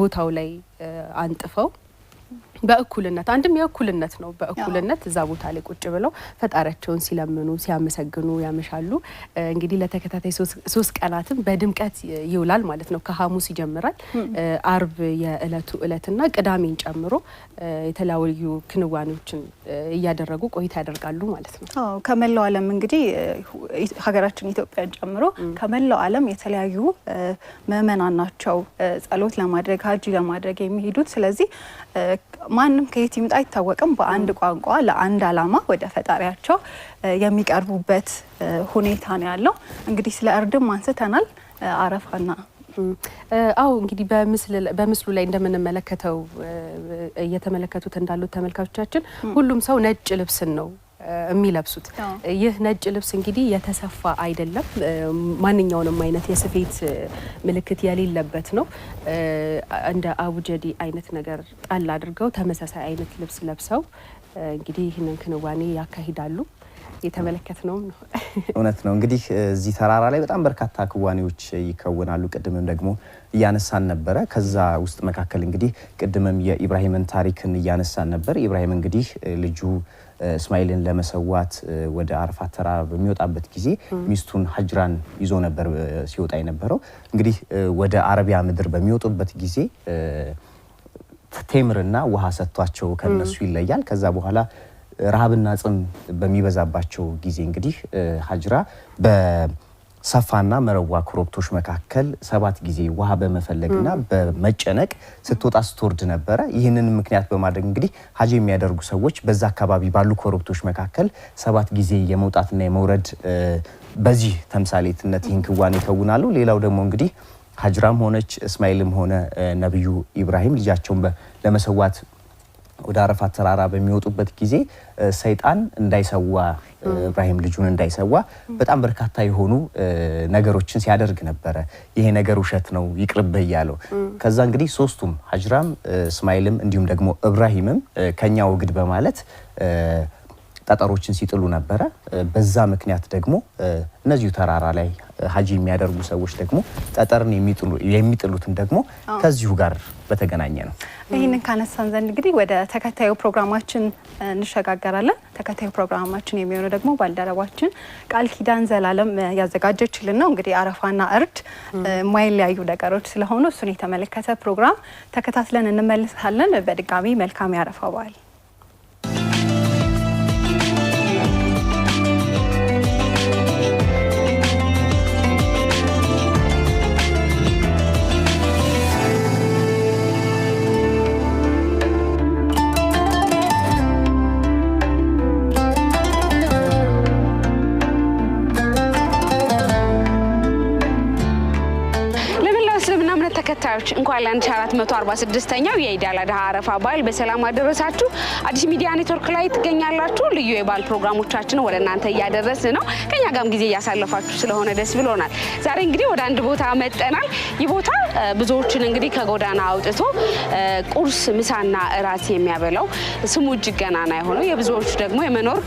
ቦታው ላይ አንጥፈው በእኩልነት አንድም የእኩልነት ነው። በእኩልነት እዛ ቦታ ላይ ቁጭ ብለው ፈጣሪያቸውን ሲለምኑ ሲያመሰግኑ ያመሻሉ። እንግዲህ ለተከታታይ ሶስት ቀናትም በድምቀት ይውላል ማለት ነው። ከሐሙስ ይጀምራል። አርብ የእለቱ እለትና ቅዳሜን ጨምሮ የተለያዩ ክንዋኔዎችን እያደረጉ ቆይታ ያደርጋሉ ማለት ነው። ከመላው ዓለም እንግዲህ ሀገራችን ኢትዮጵያን ጨምሮ ከመላው ዓለም የተለያዩ ምእመናን ናቸው ጸሎት ለማድረግ ሀጂ ለማድረግ የሚሄዱት ስለዚህ ማንም ከየት ይምጣ አይታወቅም። በአንድ ቋንቋ ለአንድ አላማ ወደ ፈጣሪያቸው የሚቀርቡበት ሁኔታ ነው ያለው። እንግዲህ ስለ እርድም አንስተናል። አረፋና አው እንግዲህ በምስሉ ላይ እንደምንመለከተው እየተመለከቱት እንዳሉት ተመልካቾቻችን ሁሉም ሰው ነጭ ልብስን ነው የሚለብሱት። ይህ ነጭ ልብስ እንግዲህ የተሰፋ አይደለም፣ ማንኛውንም አይነት የስፌት ምልክት የሌለበት ነው። እንደ አቡጀዲ አይነት ነገር ጣል አድርገው ተመሳሳይ አይነት ልብስ ለብሰው እንግዲህ ይህንን ክንዋኔ ያካሂዳሉ። የተመለከት ነው ነው እውነት ነው። እንግዲህ እዚህ ተራራ ላይ በጣም በርካታ ክዋኔዎች ይከወናሉ። ቅድምም ደግሞ እያነሳን ነበረ። ከዛ ውስጥ መካከል እንግዲህ ቅድምም የኢብራሂምን ታሪክን እያነሳን ነበር። ኢብራሂም እንግዲህ ልጁ እስማኤልን ለመሰዋት ወደ አረፋት ተራ በሚወጣበት ጊዜ ሚስቱን ሀጅራን ይዞ ነበር ሲወጣ የነበረው። እንግዲህ ወደ አረቢያ ምድር በሚወጡበት ጊዜ ቴምርና ውሃ ሰጥቷቸው ከነሱ ይለያል። ከዛ በኋላ ረሃብና ጽም በሚበዛባቸው ጊዜ እንግዲህ ሀጅራ ሰፋና መረዋ ኮረብቶች መካከል ሰባት ጊዜ ውሃ በመፈለግና በመጨነቅ ስትወጣ ስትወርድ ነበረ። ይህንን ምክንያት በማድረግ እንግዲህ ሀጅ የሚያደርጉ ሰዎች በዛ አካባቢ ባሉ ኮረብቶች መካከል ሰባት ጊዜ የመውጣትና የመውረድ በዚህ ተምሳሌትነት ይህን ክዋኔ ይከውናሉ። ሌላው ደግሞ እንግዲህ ሀጅራም ሆነች እስማኤልም ሆነ ነቢዩ ኢብራሂም ልጃቸውን ለመሰዋት ወደ አረፋት ተራራ በሚወጡበት ጊዜ ሰይጣን እንዳይሰዋ ኢብራሂም ልጁን እንዳይሰዋ በጣም በርካታ የሆኑ ነገሮችን ሲያደርግ ነበረ። ይሄ ነገር ውሸት ነው ይቅርብህ እያለው ከዛ እንግዲህ ሶስቱም ሀጅራም፣ እስማኤልም እንዲሁም ደግሞ ኢብራሂምም ከኛ ወግድ በማለት ጠጠሮችን ሲጥሉ ነበረ። በዛ ምክንያት ደግሞ እነዚሁ ተራራ ላይ ሀጂ የሚያደርጉ ሰዎች ደግሞ ጠጠርን የሚጥሉትን ደግሞ ከዚሁ ጋር በተገናኘ ነው። ይህንን ካነሳን ዘንድ እንግዲህ ወደ ተከታዩ ፕሮግራማችን እንሸጋገራለን። ተከታዩ ፕሮግራማችን የሚሆነው ደግሞ ባልደረባችን ቃል ኪዳን ዘላለም ያዘጋጀችልን ነው። እንግዲህ አረፋና እርድ የማይለያዩ ነገሮች ስለሆኑ እሱን የተመለከተ ፕሮግራም ተከታትለን እንመልሳለን። በድጋሚ መልካም ያረፋ በዓል ተከታታዮች እንኳን ለ1446ኛው የኢድ አል አድሃ አረፋ በዓል በሰላም አደረሳችሁ። አዲስ ሚዲያ ኔትወርክ ላይ ትገኛላችሁ። ልዩ የበዓል ፕሮግራሞቻችን ወደ እናንተ እያደረስ ነው። ከኛ ጋርም ጊዜ እያሳለፋችሁ ስለሆነ ደስ ብሎናል። ዛሬ እንግዲህ ወደ አንድ ቦታ መጠናል። ይህ ቦታ ብዙዎችን እንግዲህ ከጎዳና አውጥቶ ቁርስ፣ ምሳና እራት የሚያበላው ስሙ እጅግ ገናና የሆነው የብዙዎቹ ደግሞ የመኖር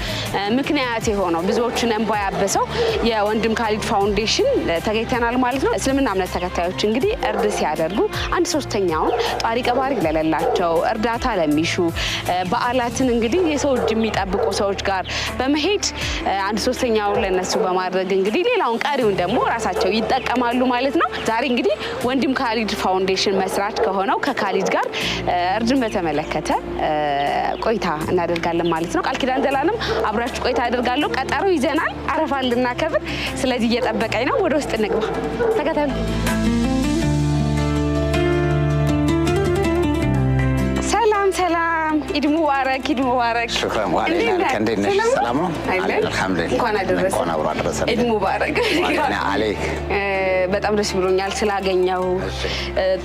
ምክንያት የሆነው ብዙዎችን እንባ ያበሰው የወንድም ካሊድ ፋውንዴሽን ተገኝተናል ማለት ነው። እስልምና እምነት ተከታዮች እንግዲህ እርድ ሲያደርግ ለሚፈልጉ አንድ ሶስተኛውን ጧሪ ቀባሪ ለሌላቸው እርዳታ ለሚሹ በዓላትን እንግዲህ የሰው እጅ የሚጠብቁ ሰዎች ጋር በመሄድ አንድ ሶስተኛውን ለነሱ በማድረግ እንግዲህ ሌላውን ቀሪውን ደግሞ ራሳቸው ይጠቀማሉ ማለት ነው። ዛሬ እንግዲህ ወንድም ካሊድ ፋውንዴሽን መስራች ከሆነው ከካሊድ ጋር እርድን በተመለከተ ቆይታ እናደርጋለን ማለት ነው። ቃል ኪዳን ዘላለም አብራችሁ ቆይታ አደርጋለሁ። ቀጠሮ ይዘናል፣ አረፋ ልናከብር። ስለዚህ እየጠበቀኝ ነው። ወደ ውስጥ እንግባ፣ ተከተሉ። Échala. ሰላም፣ ኢድ ሙባረክ፣ ኢድ ሙባረክ። ሹክራን ዋለና ከእንዴት ነሽ? ሰላም ነው አልሐምዱሊላህ። እንኳን አደረሰ። እንኳን አብሮ አደረሰ። ኢድ ሙባረክ። አለይክ በጣም ደስ ብሎኛል ስላገኘው።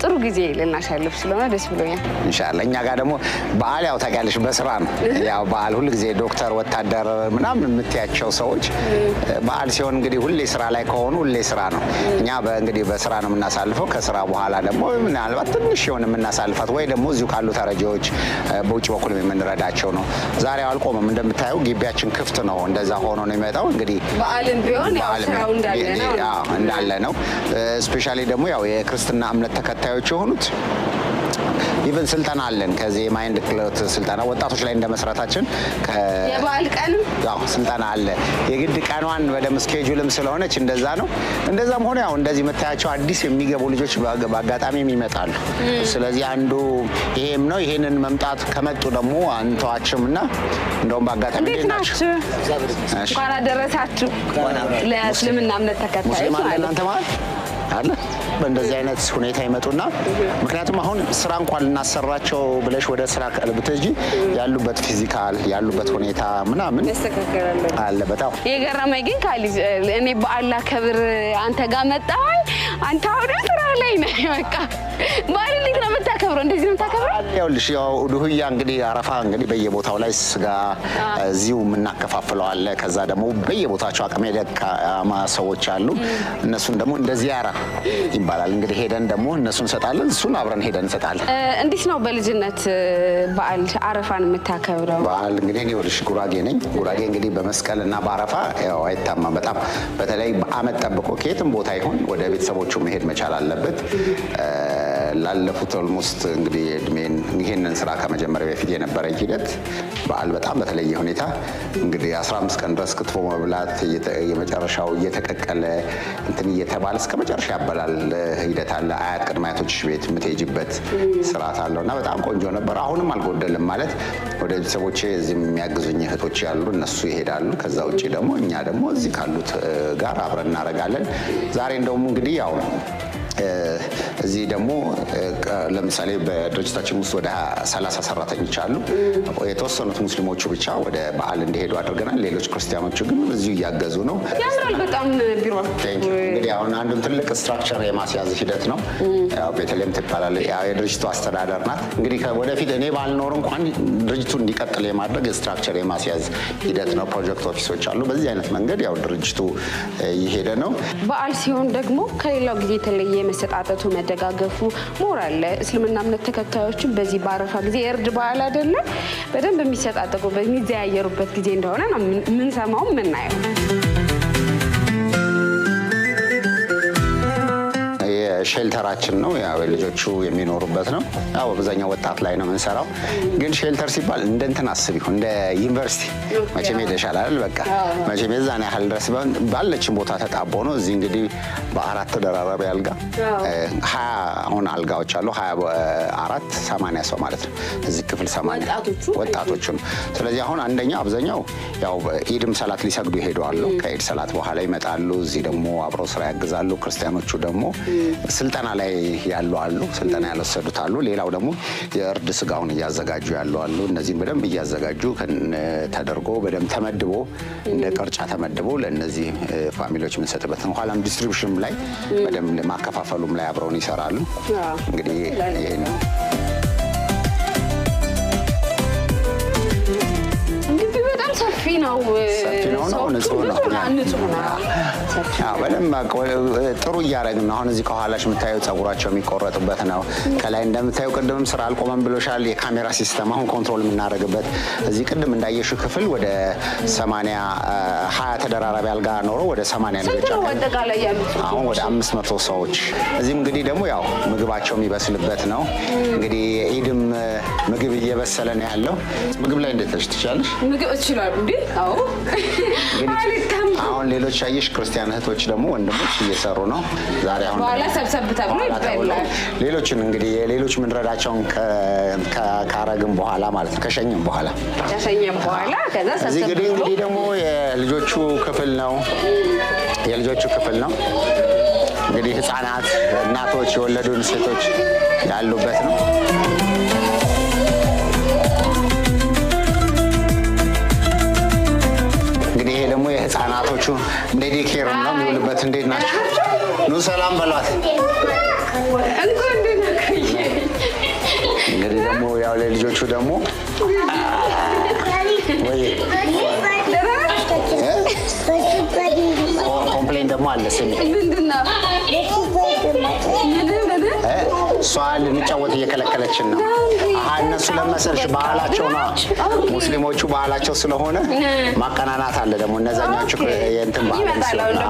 ጥሩ ጊዜ ልናሳልፍ ስለሆነ ደስ ብሎኛል። ኢንሻአላህ እኛ ጋር ደግሞ በዓል ያው ታውቂያለሽ በስራ ነው። ያው በዓል ሁል ጊዜ ዶክተር፣ ወታደር ምናምን የምትያቸው ሰዎች በዓል ሲሆን እንግዲህ ሁሌ ስራ ላይ ከሆኑ ሁሌ ስራ ነው። እኛ እንግዲህ በስራ ነው የምናሳልፈው። ከስራ በኋላ ደግሞ ምናልባት ትንሽ የሆነ የምናሳልፋት ወይ ደግሞ እዚሁ ካሉ ተረጂዎች በውጭ በኩል የምንረዳቸው ነው። ዛሬ አልቆምም። እንደምታየው ግቢያችን ክፍት ነው። እንደዛ ሆኖ ነው የሚመጣው። እንግዲህ ቢሆን እንዳለ ነው። ስፔሻሊ ደግሞ ያው የክርስትና እምነት ተከታዮች የሆኑት ኢቨን ስልጠና አለን። ከዚህ የማይንድ ክሎት ስልጠና ወጣቶች ላይ እንደመስራታችን የበዓል ቀን ስልጠና አለ። የግድ ቀኗን በደም ስኬጁልም ስለሆነች እንደዛ ነው። እንደዛም ሆነ ያው እንደዚህ የምታያቸው አዲስ የሚገቡ ልጆች በአጋጣሚም ይመጣሉ። ስለዚህ አንዱ ይሄም ነው። ይሄንን መምጣት ከመጡ ደግሞ አንተዋችም እና እንደውም በአጋጣሚ እንዴት ናችሁ እንኳን አደረሳችሁ ለእስልምና እምነት ተከታይ ማለት አለ በእንደዚህ አይነት ሁኔታ ይመጡና ምክንያቱም አሁን ስራ እንኳን ልናሰራቸው ብለሽ ወደ ስራ ብትሄጂ ያሉበት ፊዚካል ያሉበት ሁኔታ ምናምን አለ። በጣም የገረመኝ ግን ካሊ እኔ በአላ ክብር አንተ ጋር መጣሁ አንተ አሁን ስራ ትዳር ላይ ነህ። በቃ ባል እንዴት ነው የምታከብረው? እንደዚህ ነው የምታከብረው? ይኸውልሽ ያው ድሁያ እንግዲህ አረፋ እንግዲህ በየቦታው ላይ ስጋ እዚሁ የምናከፋፍለው አለ። ከዛ ደግሞ በየቦታቸው አቅመ ደካማ ሰዎች አሉ። እነሱን ደግሞ እንደዚህ ዚያራ ይባላል እንግዲህ ሄደን ደግሞ እነሱን እንሰጣለን። እሱን አብረን ሄደን እንሰጣለን። እንዴት ነው በልጅነት በዓል አረፋን የምታከብረው? በዓል እንግዲህ ይኸውልሽ ጉራጌ ነኝ። ጉራጌ እንግዲህ በመስቀል እና በአረፋ ያው አይታማም በጣም በተለይ በአመት ጠብቆ ከየትም ቦታ ይሁን ወደ ቤተሰቦቹ መሄድ መቻል አለብን። ያለበት ላለፉት ኦልሞስት እንግዲህ እድሜን ይህንን ስራ ከመጀመሪያ በፊት የነበረኝ ሂደት በዓል በጣም በተለየ ሁኔታ እንግዲህ 15 ቀን ድረስ ክትፎ መብላት የመጨረሻው እየተቀቀለ እንትን እየተባለ እስከ መጨረሻ ያበላል ሂደት አለ። አያት ቅድመ አያቶች ቤት የምትሄጅበት ስርዓት አለው እና በጣም ቆንጆ ነበር። አሁንም አልጎደልም ማለት ወደ ቤተሰቦቼ እዚህ የሚያግዙኝ እህቶች ያሉ እነሱ ይሄዳሉ። ከዛ ውጭ ደግሞ እኛ ደግሞ እዚህ ካሉት ጋር አብረን እናደርጋለን። ዛሬ እንደውም እንግዲህ ያው ነው 呃。እዚህ ደግሞ ለምሳሌ በድርጅታችን ውስጥ ወደ 30 ሰራተኞች አሉ። የተወሰኑት ሙስሊሞቹ ብቻ ወደ በዓል እንዲሄዱ አድርገናል። ሌሎች ክርስቲያኖቹ ግን እዚሁ እያገዙ ነው። ያምራል በጣም ቢሮ። እንግዲህ አሁን አንዱን ትልቅ ስትራክቸር የማስያዝ ሂደት ነው። ቤተልሔም ትባላለች፣ የድርጅቱ አስተዳደር ናት። እንግዲህ ወደፊት እኔ ባልኖር እንኳን ድርጅቱ እንዲቀጥል የማድረግ ስትራክቸር የማስያዝ ሂደት ነው። ፕሮጀክት ኦፊሶች አሉ። በዚህ አይነት መንገድ ያው ድርጅቱ እየሄደ ነው። በዓል ሲሆን ደግሞ ከሌላው ጊዜ የተለየ የመሰጣጠቱ መደ የሚደጋገፉ አለ። እስልምና እምነት ተከታዮችን በዚህ በአረፋ ጊዜ የእርድ በዓል አይደለም በደንብ የሚሰጣጠቁበት የሚዘያየሩበት ጊዜ እንደሆነ ነው የምንሰማው የምናየው። ሼልተራችን ነው። ያው ልጆቹ የሚኖሩበት ነው። ያው አብዛኛው ወጣት ላይ ነው የምንሰራው። ግን ሼልተር ሲባል እንደ እንትን አስብ ይሁን እንደ ዩኒቨርሲቲ መቼም ሄደሻል አይደል? በቃ መቼም የዛን ያህል ድረስ ባለችን ቦታ ተጣቦ ነው። እዚህ እንግዲህ በአራት ተደራራቢ አልጋ ሀያ አሁን አልጋዎች አሉ። ሀያ አራት ሰማንያ ሰው ማለት ነው እዚህ ክፍል ሰማንያ ወጣቶቹ ነው። ስለዚህ አሁን አንደኛ አብዛኛው ያው ኢድም ሰላት ሊሰግዱ ይሄዱ አሉ። ከኢድ ሰላት በኋላ ይመጣሉ። እዚህ ደግሞ አብረው ስራ ያግዛሉ። ክርስቲያኖቹ ደግሞ ስልጠና ላይ ያሉ አሉ፣ ስልጠና ያልወሰዱት አሉ። ሌላው ደግሞ የእርድ ስጋውን እያዘጋጁ ያሉ አሉ። እነዚህም በደንብ እያዘጋጁ ተደርጎ በደንብ ተመድቦ እንደ ቅርጫ ተመድቦ ለእነዚህ ፋሚሊዎች የምንሰጥበት ነው። ኋላም ዲስትሪቢሽን ላይ በደንብ ማከፋፈሉም ላይ አብረውን ይሰራሉ። እንግዲህ ነው። ሰፊ ነው፣ ንጹህ ነው። በደንብ ጥሩ እያደረግን ነው። አሁን እዚህ ከኋላሽ የምታየው ጸጉራቸው የሚቆረጡበት ነው። ከላይ እንደምታየው ቅድምም ስራ አልቆመም ብሎሻል። የካሜራ ሲስተም አሁን ኮንትሮል የምናደርግበት እዚህ ቅድም እንዳየሽው ክፍል ወደ ሰማንያ ሀያ ተደራራቢ አልጋ ኖሮ ወደ ሰማንያ አሁን ወደ አምስት መቶ ሰዎች እዚህም እንግዲህ ደግሞ ያው ምግባቸው የሚበስልበት ነው። እንግዲህ ኢድም ምግብ እየበሰለ ነው ያለው። ምግብ ላይ እንደተች ነሽ? ምግብ እችላለሁ እንዴ? አዎ አሁን ሌሎች ሻይሽ ክርስቲያን እህቶች ደግሞ ወንድሞች እየሰሩ ነው። ዛሬ አሁን በኋላ ሰብሰብ ተብሎ ይበላል። ሌሎችን እንግዲህ የሌሎች ምንረዳቸውን ካረግም በኋላ ማለት ነው ከሸኝም በኋላ ከሸኝም በኋላ ከዛ ሰብሰብ ግዲ እንግዲህ ደግሞ የልጆቹ ክፍል ነው የልጆቹ ክፍል ነው እንግዲህ ህፃናት፣ እናቶች፣ የወለዱን ሴቶች ያሉበት ነው። ህፃናቶቹ እንደ ዴኬር ነው የሚውልበት። እንዴት ናቸው? ኑ ሰላም በሏት። እንግዲህ ደግሞ ያው ለልጆቹ ደግሞ ኮምፕሌን ደግሞ አለ ስሚ እሷ ልንጫወት እየከለከለችን ነው። አሀ እነሱ ለመሰልሽ ባህላቸው ነው። ሙስሊሞቹ ባህላቸው ስለሆነ ማቀናናት አለ ደግሞ እነዛኛዎቹ የእንትን ባህል ስለሆነ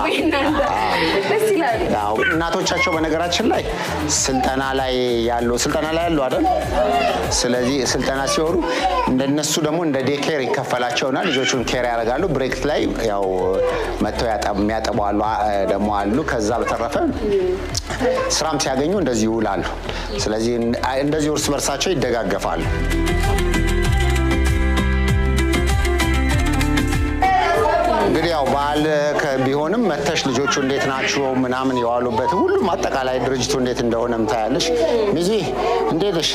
አዎ እናቶቻቸው በነገራችን ላይ ስልጠና ላይ ያሉ ስልጠና ላይ ያሉ አይደል? ስለዚህ ስልጠና ሲወሩ እንደነሱ ደግሞ እንደ ዴኬር ይከፈላቸውና ልጆቹን ኬር ያደርጋሉ። ብሬክ ላይ ያው መጥተው የሚያጠቡ ደግሞ አሉ። ከዛ በተረፈ ስራም ሲያገኙ እንደዚህ ይውላሉ። ስለዚህ እንደዚህ እርስ በርሳቸው ይደጋገፋሉ። ያው በዓል ቢሆንም መተሽ ልጆቹ እንዴት ናቸው ምናምን የዋሉበት ሁሉም አጠቃላይ ድርጅቱ እንዴት እንደሆነ ምታያለሽ። ሚዚ እንዴት ነሽ?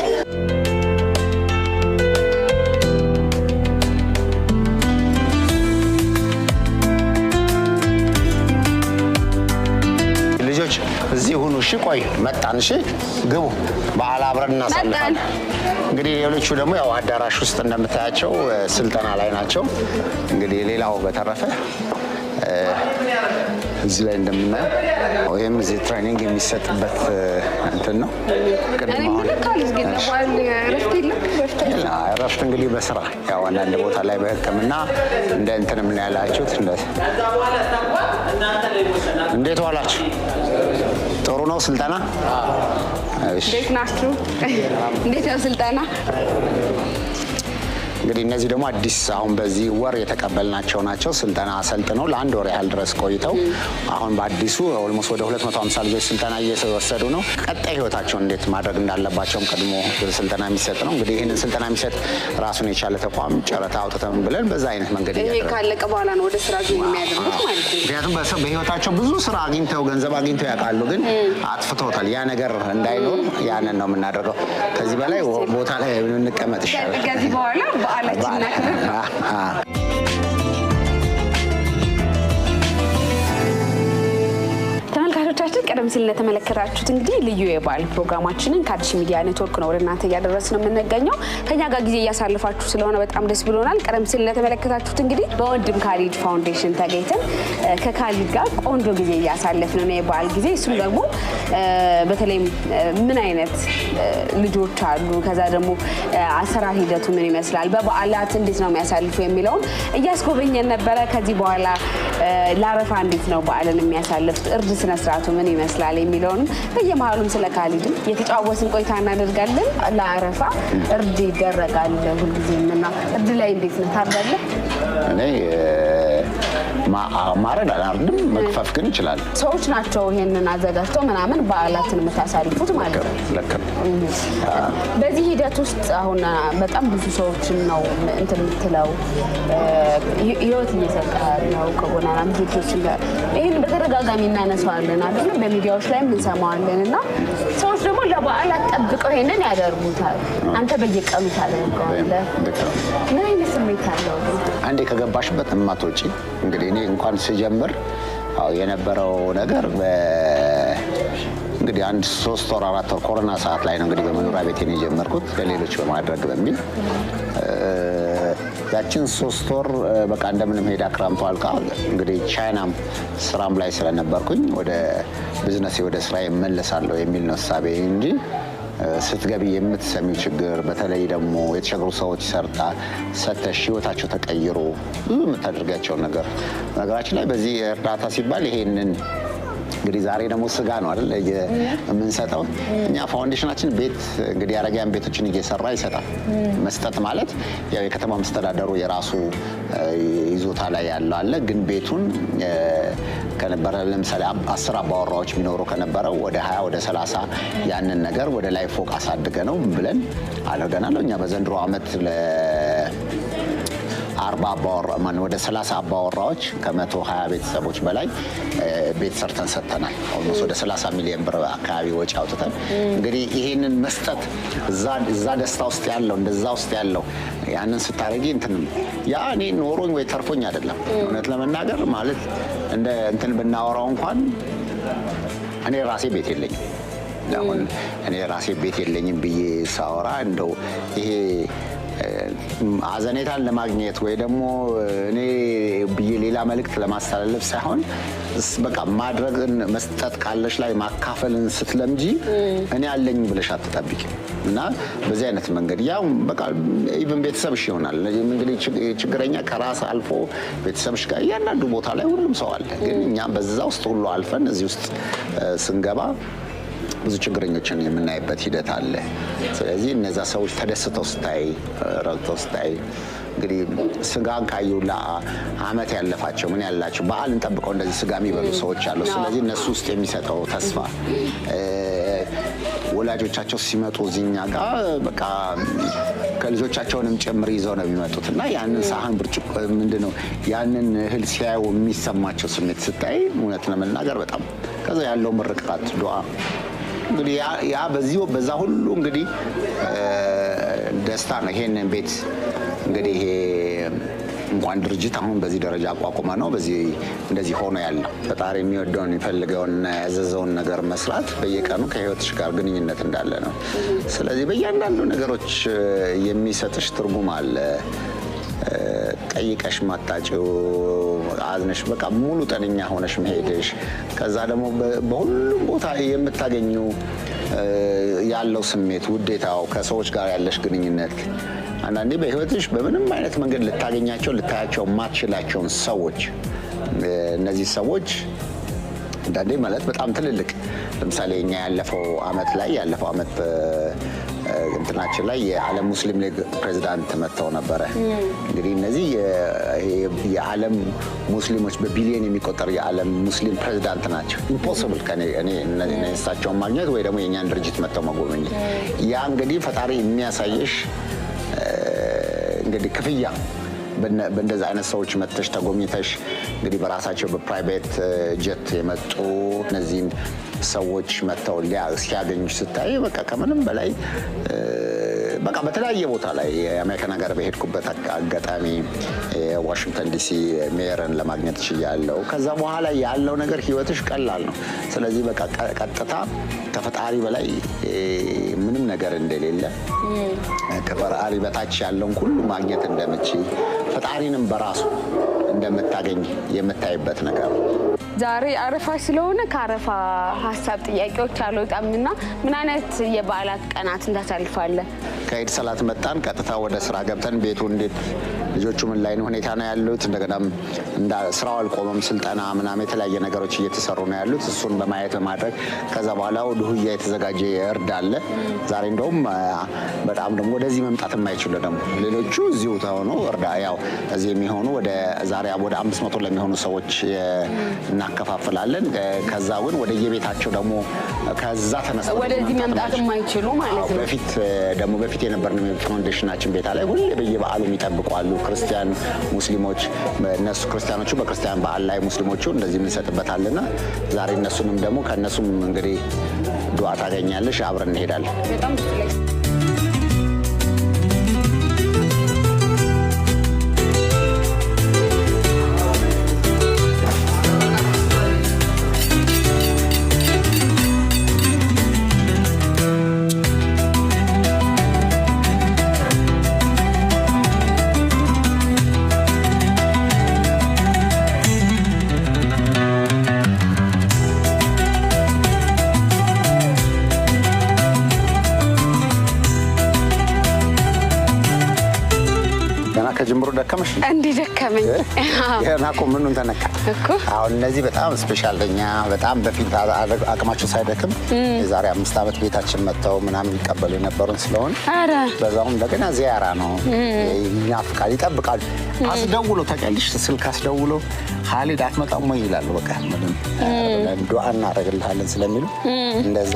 ልጆች እዚህ ሁኑ። እሺ ቆይ መጣን። እሺ ግቡ። በዓል አብረን እናሳልፋለን። እንግዲህ ሌሎቹ ደግሞ ያው አዳራሽ ውስጥ እንደምታያቸው ስልጠና ላይ ናቸው። እንግዲህ ሌላው በተረፈ እዚህ ላይ እንደምናየው ወይም እዚህ ትሬኒንግ የሚሰጥበት እንትን ነው። እረፍት እንግዲህ በስራ ያው አንዳንድ ቦታ ላይ በሕክምና እንደ እንትን ምን ያላችሁት እንዴት ዋላችሁ? ጥሩ ነው ስልጠና እንዴት ናችሁ? እንዴት ነው ስልጠና እንግዲህ እነዚህ ደግሞ አዲስ አሁን በዚህ ወር የተቀበልናቸው ናቸው። ስልጠና አሰልጥነው ለአንድ ወር ያህል ድረስ ቆይተው አሁን በአዲሱ ኦልሞስት ወደ 250 ልጆች ስልጠና እየወሰዱ ነው። ቀጣይ ህይወታቸውን እንዴት ማድረግ እንዳለባቸውም ቀድሞ ስልጠና የሚሰጥ ነው። እንግዲህ ይህንን ስልጠና የሚሰጥ ራሱን የቻለ ተቋም ጨረታ አውጥተን ብለን በዛ አይነት መንገድ ካለቀ በኋላ ነው ወደ ስራ የሚያደርጉት ማለት ነው። ምክንያቱም በህይወታቸው ብዙ ስራ አግኝተው ገንዘብ አግኝተው ያውቃሉ፣ ግን አጥፍተውታል። ያ ነገር እንዳይኖር ያንን ነው የምናደርገው። ከዚህ በላይ ቦታ ላይ እንቀመጥ ይሻላል። ከዚህ በኋላ 啊。ቀደም ሲል እንደተመለከታችሁት እንግዲህ ልዩ የበዓል ፕሮግራማችንን ከአዲስ ሚዲያ ኔትወርክ ነው ወደ እናንተ እያደረስ ነው የምንገኘው። ከኛ ጋር ጊዜ እያሳልፋችሁ ስለሆነ በጣም ደስ ብሎናል። ቀደም ሲል እንደተመለከታችሁት እንግዲህ በወንድም ካሊድ ፋውንዴሽን ተገኝተን ከካሊድ ጋር ቆንጆ ጊዜ እያሳለፍ ነው የበዓል ጊዜ። እሱም ደግሞ በተለይም ምን አይነት ልጆች አሉ፣ ከዛ ደግሞ አሰራር ሂደቱ ምን ይመስላል፣ በበዓላት እንዴት ነው የሚያሳልፉ የሚለውን እያስጎበኘን ነበረ። ከዚህ በኋላ ለረፋ እንዴት ነው በዓልን የሚያሳልፍ እርድ ስነስርዓቱ ምን ይመስላል የሚለውን በየመሀሉም ስለ ካሊድ የተጫወትን ቆይታ እናደርጋለን። ለአረፋ እርድ ይደረጋል ሁልጊዜም እና እርድ ላይ እንዴት ነው ታርጋለህ? እኔ ማረድ አላርድም፣ መግፋት ግን ይችላል። ሰዎች ናቸው ይሄንን አዘጋጅተው ምናምን በዓላትን የምታሳልፉት ማለት ነው። በዚህ ሂደት ውስጥ አሁን በጣም ብዙ ሰዎችን ነው እንትን የምትለው ህይወት እየሰጠ ነው ከጎናና ልጆችን ጋር ይህን በተደጋጋሚ እናነሳዋለን አለ በሚዲያዎች ላይም እንሰማዋለን እና ሰዎች ደግሞ ለበዓላት ጠብቀው ይሄንን ያደርጉታል። አንተ በየቀኑ ታደርገዋለህ። ምን አይነት ስሜት አለው? አንዴ ከገባሽበት እማትወጪ እንግዲህ እኔ እንኳን ስጀምር የነበረው ነገር እንግዲህ አንድ ሶስት ወር አራት ወር ኮሮና ሰዓት ላይ ነው እንግዲህ በመኖሪያ ቤቴን የጀመርኩት ለሌሎች በማድረግ በሚል ያችን ሶስት ወር በቃ እንደምንም ሄዳ ክረምቱ አልቃ እንግዲህ ቻይናም ስራም ላይ ስለነበርኩኝ ወደ ብዝነሴ ወደ ስራ እመለሳለሁ የሚል ነው ሳቤ እንጂ ስትገቢ የምትሰሚው ችግር በተለይ ደግሞ የተቸገሩ ሰዎች ሰርታ ሰተሽ ህይወታቸው ተቀይሮ ብዙ የምታደርጋቸውን ነገር ነገራችን ላይ በዚህ እርዳታ ሲባል ይሄንን እንግዲህ ዛሬ ደግሞ ስጋ ነው አይደል የምንሰጠው። እኛ ፋውንዴሽናችን ቤት እንግዲህ አረጋውያን ቤቶችን እየሰራ ይሰጣል። መስጠት ማለት ያው የከተማ መስተዳደሩ የራሱ ይዞታ ላይ ያለው አለ፣ ግን ቤቱን ከነበረ ለምሳሌ አስር አባወራዎች ቢኖሩ ከነበረው ወደ ሀያ ወደ ሰላሳ ያንን ነገር ወደ ላይ ፎቅ አሳድገ ነው ብለን አድርገናል። እኛ በዘንድሮ ዓመት አርባ አባወራ ወደ 30 አባወራዎች ከ120 ቤተሰቦች በላይ ቤት ሰርተን ሰጥተናል። ኦልሞስት ወደ 30 ሚሊዮን ብር አካባቢ ወጪ አውጥተን እንግዲህ ይሄንን መስጠት እዛ ደስታ ውስጥ ያለው እንደዛ ውስጥ ያለው ያንን ስታደርጊ እንትን ያ እኔ ኖሮኝ ወይ ተርፎኝ አይደለም እውነት ለመናገር ማለት እንደ እንትን ብናወራው እንኳን እኔ ራሴ ቤት የለኝም። አሁን እኔ ራሴ ቤት የለኝም ብዬ ሳወራ እንደው ይሄ አዘኔታን ለማግኘት ወይ ደግሞ እኔ ብዬ ሌላ መልእክት ለማስተላለፍ ሳይሆን በቃ ማድረግን መስጠት ካለሽ ላይ ማካፈልን ስትለምጂ እኔ አለኝ ብለሽ አትጠብቂም። እና በዚህ አይነት መንገድ ያው በቃ ኢቭን ቤተሰብሽ ይሆናል እንግዲህ ችግረኛ ከራስ አልፎ ቤተሰብሽ ጋር እያንዳንዱ ቦታ ላይ ሁሉም ሰው አለ። ግን እኛ በዛ ውስጥ ሁሉ አልፈን እዚህ ውስጥ ስንገባ ብዙ ችግረኞችን የምናይበት ሂደት አለ። ስለዚህ እነዛ ሰዎች ተደስተው ስታይ፣ ረግተው ስታይ እንግዲህ ስጋን ካዩ ለአመት ያለፋቸው ምን ያላቸው በዓልን ጠብቀው እንደዚህ ስጋ የሚበሉ ሰዎች አሉ። ስለዚህ እነሱ ውስጥ የሚሰጠው ተስፋ ወላጆቻቸው ሲመጡ እዚኛ ጋር በቃ ከልጆቻቸውንም ጭምር ይዘው ነው የሚመጡት እና ያንን ሳህን ብርጭቆ ምንድን ነው ያንን እህል ሲያዩ የሚሰማቸው ስሜት ስታይ እውነት ለመናገር በጣም ከዛ ያለው ምርቃት ዱዓ እንግዲህ ያ በዚህ በዛ ሁሉ እንግዲህ ደስታ ነው ይሄንን ቤት እንግዲህ እንኳን ድርጅት አሁን በዚህ ደረጃ አቋቁመ ነው በዚህ እንደዚህ ሆኖ ያለው ፈጣሪ የሚወደውን የሚፈልገውንና ያዘዘውን ነገር መስራት በየቀኑ ከህይወትሽ ጋር ግንኙነት እንዳለ ነው። ስለዚህ በእያንዳንዱ ነገሮች የሚሰጥሽ ትርጉም አለ። ጠይቀሽ ማታጭው አዝነሽ በቃ ሙሉ ጤነኛ ሆነሽ መሄድሽ ከዛ ደግሞ በሁሉም ቦታ የምታገኙ ያለው ስሜት ውዴታው፣ ከሰዎች ጋር ያለሽ ግንኙነት አንዳንዴ በህይወትሽ በምንም አይነት መንገድ ልታገኛቸው ልታያቸው የማትችላቸውን ሰዎች እነዚህ ሰዎች አንዳንዴ ማለት በጣም ትልልቅ ለምሳሌ እኛ ያለፈው አመት ላይ ያለፈው አመት እንትናችን ላይ የዓለም ሙስሊም ሊግ ፕሬዚዳንት መጥተው ነበረ። እንግዲህ እነዚህ የዓለም ሙስሊሞች በቢሊዮን የሚቆጠሩ የዓለም ሙስሊም ፕሬዚዳንት ናቸው። ኢምፖስብል እሳቸውን ማግኘት ወይ ደግሞ የእኛን ድርጅት መጥተው መጎብኘት። ያ እንግዲህ ፈጣሪ የሚያሳየሽ እንግዲህ ክፍያ በእንደዚህ አይነት ሰዎች መጥተሽ ተጎብኝተሽ እንግዲህ በራሳቸው በፕራይቬት ጀት የመጡ እነዚህን ሰዎች መጥተው ሲያገኙ ስታይ በቃ ከምንም በላይ በቃ በተለያየ ቦታ ላይ የአሜሪካን ሀገር በሄድኩበት አጋጣሚ ዋሽንግተን ዲሲ ሜየርን ለማግኘት ችያለው። ከዛ በኋላ ያለው ነገር ህይወትሽ ቀላል ነው። ስለዚህ በቃ ቀጥታ ከፈጣሪ በላይ ምንም ነገር እንደሌለ ከፈጣሪ በታች ያለውን ሁሉ ማግኘት እንደምችል ፈጣሪንም በራሱ እንደምታገኝ የምታይበት ነገር ነው። ዛሬ አረፋ ስለሆነ ከአረፋ ሀሳብ ጥያቄዎች አልወጣም እና ምን አይነት የበዓላት ቀናት እንዳሳልፋለን? ከኢድ ሰላት መጣን ቀጥታ ወደ ስራ ገብተን ቤቱ እንዴት ልጆቹ ምን ላይ ሁኔታ ነው ያሉት፣ እንደገናም ስራው አልቆመም፣ ስልጠና ምናም የተለያየ ነገሮች እየተሰሩ ነው ያሉት። እሱን በማየት በማድረግ ከዛ በኋላ ድሁያ የተዘጋጀ እርድ አለ። ዛሬ እንደውም በጣም ደግሞ ወደዚህ መምጣት የማይችሉ ደግሞ ሌሎቹ እዚሁ ተሆኑ እርዳ ያው እዚህ የሚሆኑ ወደ ዛሬ ወደ አምስት መቶ ለሚሆኑ ሰዎች እናከፋፍላለን። ከዛ ግን ወደ የቤታቸው ደግሞ ከዛ ተነሳ ወደዚህ መምጣት የማይችሉ ማለት ነው። በፊት ደግሞ በፊት የነበርን ፋውንዴሽናችን ቤታ ላይ ሁሌ በየበዓሉ ይጠብቋሉ። ክርስቲያን ሙስሊሞች እነሱ ክርስቲያኖቹ በክርስቲያን በዓል ላይ ሙስሊሞቹ እንደዚህ የምንሰጥበታልና ዛሬ እነሱንም ደግሞ ከእነሱም እንግዲህ ዱዓ ታገኛለሽ። አብረን እንሄዳለን። ሁሉም ተነካ። አሁን እነዚህ በጣም ስፔሻል ለኛ በጣም በፊት አቅማቸው ሳይደክም የዛሬ አምስት ዓመት ቤታችን መጥተው ምናምን ይቀበሉ የነበሩን ስለሆን በዛውም እንደገና ዚያራ ነው ይናፍቃል፣ ይጠብቃል። አስደውሎ ተቀልሽ ስልክ አስደውሎ ሀሊድ አትመጣም ወይ ይላሉ። በቃ ዱዓ እናደርግልሃለን ስለሚሉ እንደዛ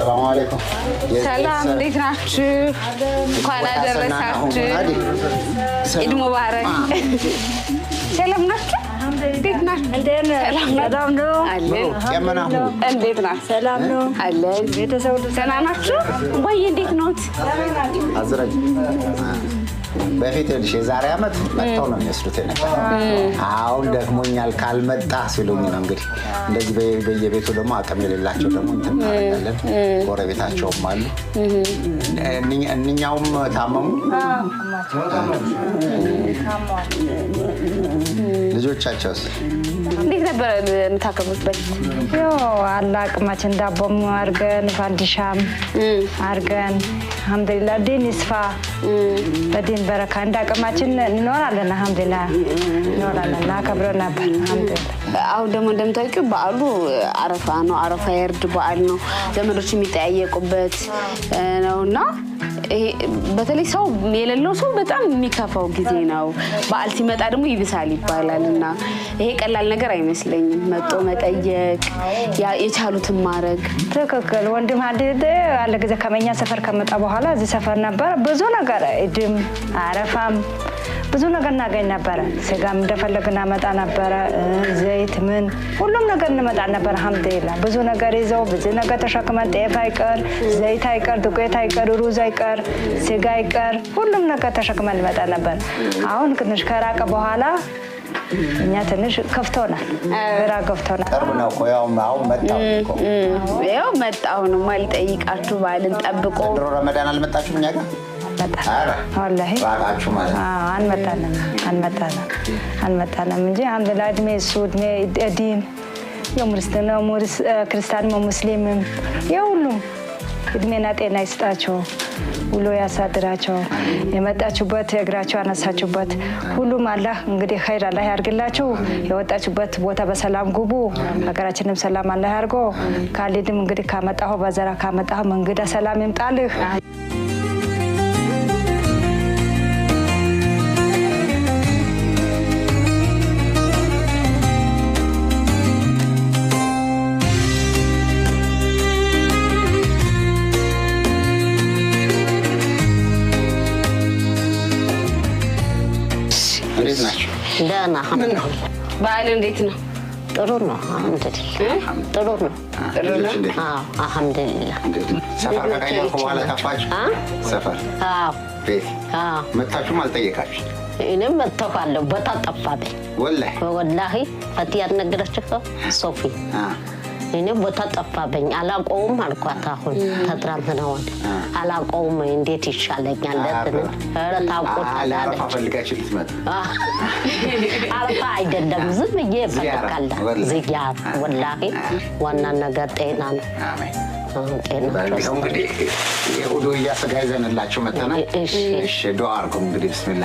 ሰላም አለይኩም። ሰላም እንዴት ናችሁ? እንኳን አደረሳችሁ። ኢድ ሙባረክ። ሰላም ናችሁ? እንዴት ናችሁ? ነው ሰላም ነው አለን። ቤተሰብ ደህና ናችሁ ወይ? እንዴት ኖት? በፊት ልሽ የዛሬ ዓመት መጥተው ነው የሚወስዱት የነበረ። አሁን ደክሞኛል ካልመጣ ሲሉኝ ነው እንግዲህ። እንደዚህ በየቤቱ ደግሞ አቅም የሌላቸው ደግሞ እንትናለን ጎረቤታቸውም አሉ። እንኛውም ታመሙ፣ ልጆቻቸውስ እንዴት ነበረ የምታከብሩት? በፊት አለ አቅማችን ዳቦም አርገን ፋንዲሻም አርገን አልሐምዱሊላ ዲን ይስፋ በዲን በረካ እንዳቅማችን አቅማችን እንኖራለን። አልሐምዱሊላ እንኖራለን። አከብረው ነበር። አሁን ደግሞ እንደምታውቂው በዓሉ አረፋ ነው። አረፋ የእርድ በዓል ነው። ዘመዶች የሚጠያየቁበት ነው እና በተለይ ሰው የሌለው ሰው በጣም የሚከፋው ጊዜ ነው። በዓል ሲመጣ ደግሞ ይብሳል ይባላል እና ይሄ ቀላል ነገር አይመስለኝም። መጦ መጠየቅ፣ የቻሉትን ማድረግ ትክክል። ወንድም አንድ አለ ጊዜ ከመኛ ሰፈር ከመጣ በኋላ እዚህ ሰፈር ነበር ብዙ ነገር እድም አረፋም ብዙ ነገር እናገኝ ነበረ። ስጋም እንደፈለግ እናመጣ ነበረ፣ ዘይት ምን ሁሉም ነገር እንመጣ ነበረ። ሀምድላ ብዙ ነገር ይዘው ብዙ ነገር ተሸክመን ጤፍ አይቀር፣ ዘይት አይቀር፣ ዱቄት አይቀር፣ ሩዝ አይቀር፣ ስጋ አይቀር፣ ሁሉም ነገር ተሸክመን እንመጣ ነበር። አሁን ትንሽ ከራቀ በኋላ እኛ ትንሽ ከፍቶናል፣ ራ ገብቶናል። ያው መጣሁ ያው መጣሁ ነው። አልጠይቃችሁ በዓልን ጠብቆ ረመዳን አልመጣችሁ እኛ ጋር አልመጣንም። ወላሂ አልመጣንም አልመጣንም አልመጣንም እንጂ አልሐምዱሊላህ እድሜ እሱ እድሜ ዲን ክርስቲያንም ሙስሊምም የሁሉም እድሜና ጤና ይስጣቸው ውሎ ያሳድራቸው። የመጣችሁበት እግራቸው ያነሳችሁበት ሁሉም አላህ እንግዲህ ኸይር አላህ ያርግላችሁ። የወጣችሁበት ቦታ በሰላም ጉቡ። ሀገራችንም ሰላም አላህ ያርጎ። ካሊድም እንግዲህ ካመጣሁ በዘራ ካመጣሁ መንገዳ ሰላም ይምጣልህ። እንዴት ናቸው? ደህና። ምን ነው በዓል እንዴት ነው? ጥሩ ነው። ጥሩ ነው። አልሐምዱሊላህ። ሰፈር ከቀየርኩ በኋላ ጠፋችሁ? ሰፈር ቤት መታችሁም አልጠየቃችሁ? እኔም መጥተዋለሁ። ቦታ ጠፋብኝ ወላሂ። ፈትያ አልነገረችህ? ሶፊ እኔ ቦታ ጠፋብኝ አላውቀውም አልኳት። አሁን ከትናንትና ወዲህ አላውቀውም እንዴት ይሻለኛል አረፋ አይደለም ዝም ብዬ ይፈልጋለ ዝያ ወላ ዋና ነገር ጤና ነው። ጤናቸው እንግዲህ የሁዶ እያዘጋጀንላችሁ መተናል። ዶ አርጉ እንግዲህ ብስሚላ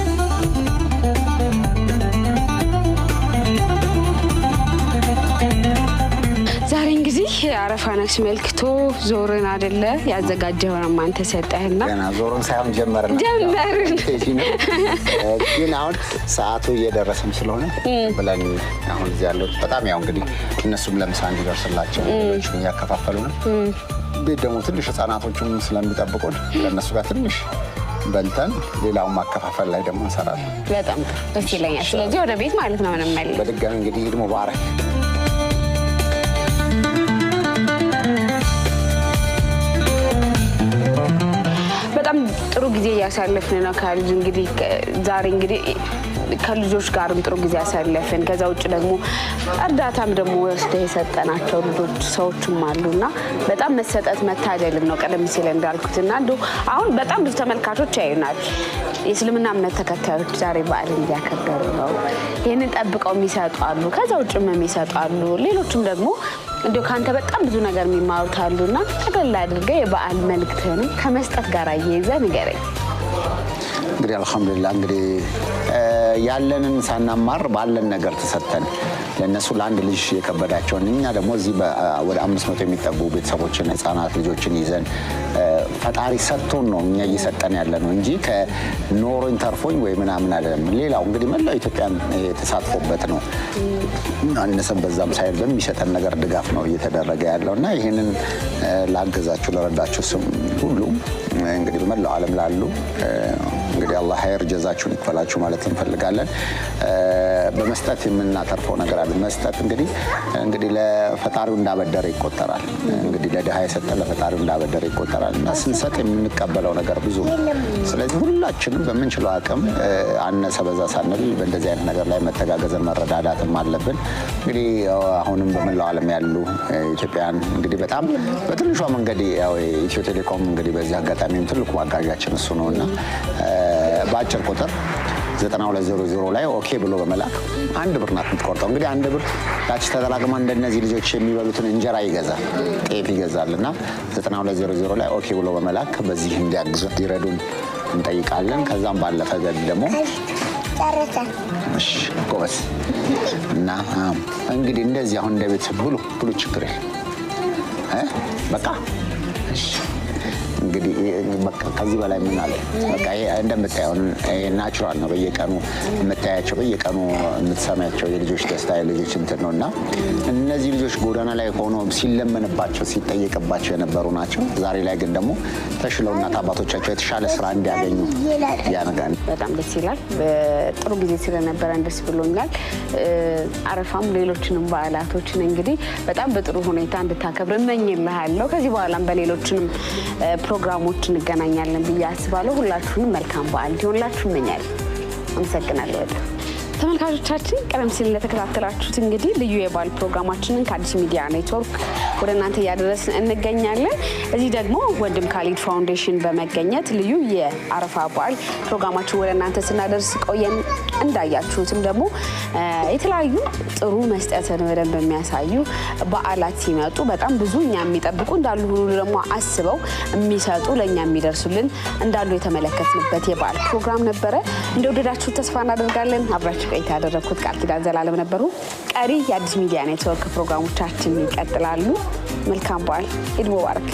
ይሄ አረፋ ነክስ መልክቶ ዞርን አደለ ያዘጋጀ ሆነ ማንተ ሰጠህና ዞርን ሳይሆን ጀመርን ጀመርን። ግን አሁን ሰዓቱ እየደረሰም ስለሆነ ብለን አሁን እዚህ ያለው በጣም ያው እንግዲህ እነሱም ለምሳ እንዲደርስላቸው ሌሎች እያከፋፈሉ ነው። ቤት ደግሞ ትንሽ ህጻናቶቹም ስለሚጠብቁን ከእነሱ ጋር ትንሽ በልተን ሌላውን ማከፋፈል ላይ ደግሞ እንሰራለን። በጣም ደስ ይለኛል። ስለዚህ ወደ ቤት ማለት ነው ምንመል በድጋሚ እንግዲህ ኢድ ሙባረክ ጊዜ እያሳለፍን ነው ከልጅ እንግዲህ ዛሬ እንግዲህ ከልጆች ጋርም ጥሩ ጊዜ ያሳለፍን ከዛ ውጭ ደግሞ እርዳታም ደግሞ ወስደ የሰጠናቸው ልጆች ሰዎችም አሉና በጣም መሰጠት መታደልም ነው። ቀደም ሲል እንዳልኩት እና እንዲ አሁን በጣም ብዙ ተመልካቾች ያዩናል። የእስልምና እምነት ተከታዮች ዛሬ በዓል እንዲያከበሩ ነው። ይህንን ጠብቀው የሚሰጡ አሉ። ከዛ ውጭም የሚሰጡ አሉ። ሌሎችም ደግሞ እንዲሁ ከአንተ በጣም ብዙ ነገር የሚማሩት አሉና ጠቅልል አድርገ የበዓል መልእክትህንም ከመስጠት ጋር እየይዘ ንገረኝ። እንግዲህ አልሐምዱሊላህ እንግዲህ ያለንን ሳናማር ባለን ነገር ተሰጠን ለእነሱ ለአንድ ልጅ የከበዳቸውን እኛ ደግሞ እዚህ ወደ አምስት መቶ የሚጠጉ ቤተሰቦችን ህፃናት ልጆችን ይዘን ፈጣሪ ሰጥቶን ነው እኛ እየሰጠን ያለ ነው እንጂ ከኖሮኝ ተርፎኝ ወይ ምናምን አይደለም። ሌላው እንግዲህ መላው ኢትዮጵያን የተሳትፎበት ነው። አነሰን በዛም ሳይል በሚሰጠን ነገር ድጋፍ ነው እየተደረገ ያለው እና ይህንን ላገዛችሁ ለረዳችሁ ስም ሁሉም እንግዲህ በመላው ዓለም ላሉ እንግዲህ አላህ ሀይር ጀዛችሁን ይክፈላችሁ ማለት እንፈልጋለን። በመስጠት የምናተርፈው ነገር አለ። መስጠት እንግዲህ እንግዲህ ለፈጣሪው እንዳበደረ ይቆጠራል። እንግዲህ ለድሃ የሰጠ ለፈጣሪው እንዳበደረ ይቆጠራል እና ስንሰጥ የምንቀበለው ነገር ብዙ ነው። ስለዚህ ሁላችንም በምንችለው አቅም አነሰ በዛ ሳንል በእንደዚህ አይነት ነገር ላይ መተጋገዝን መረዳዳትም አለብን። እንግዲህ አሁንም በመላው ዓለም ያሉ ኢትዮጵያን እንግዲህ በጣም በትንሿ መንገድ ኢትዮ ቴሌኮም እንግዲህ በዚህ አጋጣሚም ትልቁ አጋዣችን እሱ ነው እና በአጭር ቁጥር 9200 ላይ ኦኬ ብሎ በመላክ አንድ ብር ናት የምትቆርጠው። እንግዲህ አንድ ብር ያቺ ተጠራቅማ እንደነዚህ ልጆች የሚበሉትን እንጀራ ይገዛል፣ ጤፍ ይገዛል እና 9200 ላይ ኦኬ ብሎ በመላክ በዚህ እንዲያግዙ እንዲረዱን እንጠይቃለን። ከዛም ባለፈ ገድ ደግሞ ጎበስ እና እንግዲህ እንደዚህ አሁን እንደ ብሉ ብሉ፣ ችግር የለም በቃ እንግዲህ ከዚህ በላይ ምን አለ? በቃ እንደምታየውን ናቹራል ነው። በየቀኑ የምታያቸው በየቀኑ የምትሰማያቸው የልጆች ደስታ የልጆች እንትን ነው እና እነዚህ ልጆች ጎዳና ላይ ሆኖ ሲለመንባቸው ሲጠየቅባቸው የነበሩ ናቸው። ዛሬ ላይ ግን ደግሞ ተሽለው እናት አባቶቻቸው የተሻለ ስራ እንዲያገኙ ያነጋል። በጣም ደስ ይላል። በጥሩ ጊዜ ስለነበረ ደስ ብሎኛል። አረፋም ሌሎችንም በዓላቶችን እንግዲህ በጣም በጥሩ ሁኔታ እንድታከብር እመኝልሃለሁ። ከዚህ በኋላም በሌሎችንም ፕሮግራሞች እንገናኛለን ብዬ አስባለሁ። ሁላችሁንም መልካም በዓል እንዲሆንላችሁ እመኛለሁ። አመሰግናለሁ። ተመልካቾቻችን ቀደም ሲል እንደተከታተላችሁት እንግዲህ ልዩ የበዓል ፕሮግራማችንን ከአዲስ ሚዲያ ኔትወርክ ወደ እናንተ እያደረስን እንገኛለን። እዚህ ደግሞ ወንድም ካሊድ ፋውንዴሽን በመገኘት ልዩ የአረፋ በዓል ፕሮግራማችን ወደ እናንተ ስናደርስ ቆየን እንዳያችሁትም ደግሞ የተለያዩ ጥሩ መስጠትን በደንብ የሚያሳዩ በዓላት ሲመጡ በጣም ብዙ እኛ የሚጠብቁ እንዳሉ ሁሉ ደግሞ አስበው የሚሰጡ ለእኛ የሚደርሱልን እንዳሉ የተመለከትንበት የበዓል ፕሮግራም ነበረ። እንደወደዳችሁ ተስፋ እናደርጋለን። አብራችሁ ቆይታ ያደረግኩት ቃል ኪዳን ዘላለም ነበሩ። ቀሪ የአዲስ ሚዲያ ኔትወርክ ፕሮግራሞቻችን ይቀጥላሉ። መልካም በዓል። ኢድ ሙባረክ።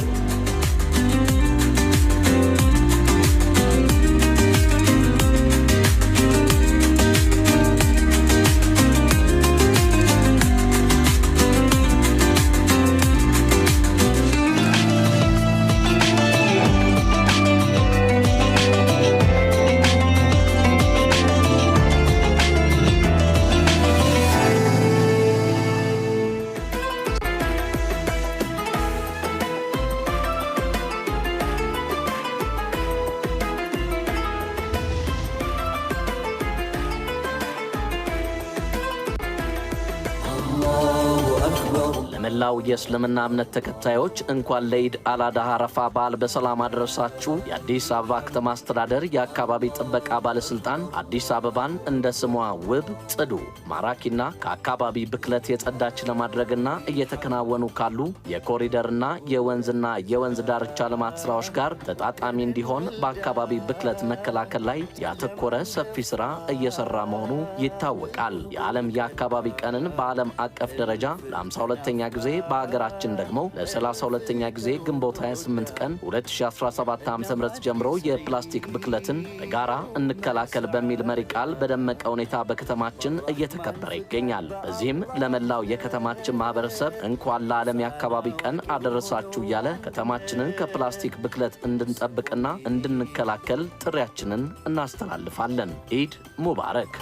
የእስልምና እምነት ተከታዮች እንኳን ለኢድ አላዳሃ አረፋ በዓል በሰላም አድረሳችሁ። የአዲስ አበባ ከተማ አስተዳደር የአካባቢ ጥበቃ ባለስልጣን አዲስ አበባን እንደ ስሟ ውብ፣ ጽዱ፣ ማራኪና ከአካባቢ ብክለት የጸዳች ለማድረግና እየተከናወኑ ካሉ የኮሪደርና የወንዝና የወንዝ ዳርቻ ልማት ስራዎች ጋር ተጣጣሚ እንዲሆን በአካባቢ ብክለት መከላከል ላይ ያተኮረ ሰፊ ስራ እየሰራ መሆኑ ይታወቃል። የዓለም የአካባቢ ቀንን በዓለም አቀፍ ደረጃ ለ52ኛ ጊዜ በሀገራችን ደግሞ ለ32ኛ ጊዜ ግንቦት 28 ቀን 2017 ዓ.ም ጀምሮ የፕላስቲክ ብክለትን በጋራ እንከላከል በሚል መሪ ቃል በደመቀ ሁኔታ በከተማችን እየተከበረ ይገኛል። በዚህም ለመላው የከተማችን ማህበረሰብ እንኳን ለዓለም የአካባቢ ቀን አደረሳችሁ እያለ ከተማችንን ከፕላስቲክ ብክለት እንድንጠብቅና እንድንከላከል ጥሪያችንን እናስተላልፋለን። ኢድ ሙባረክ።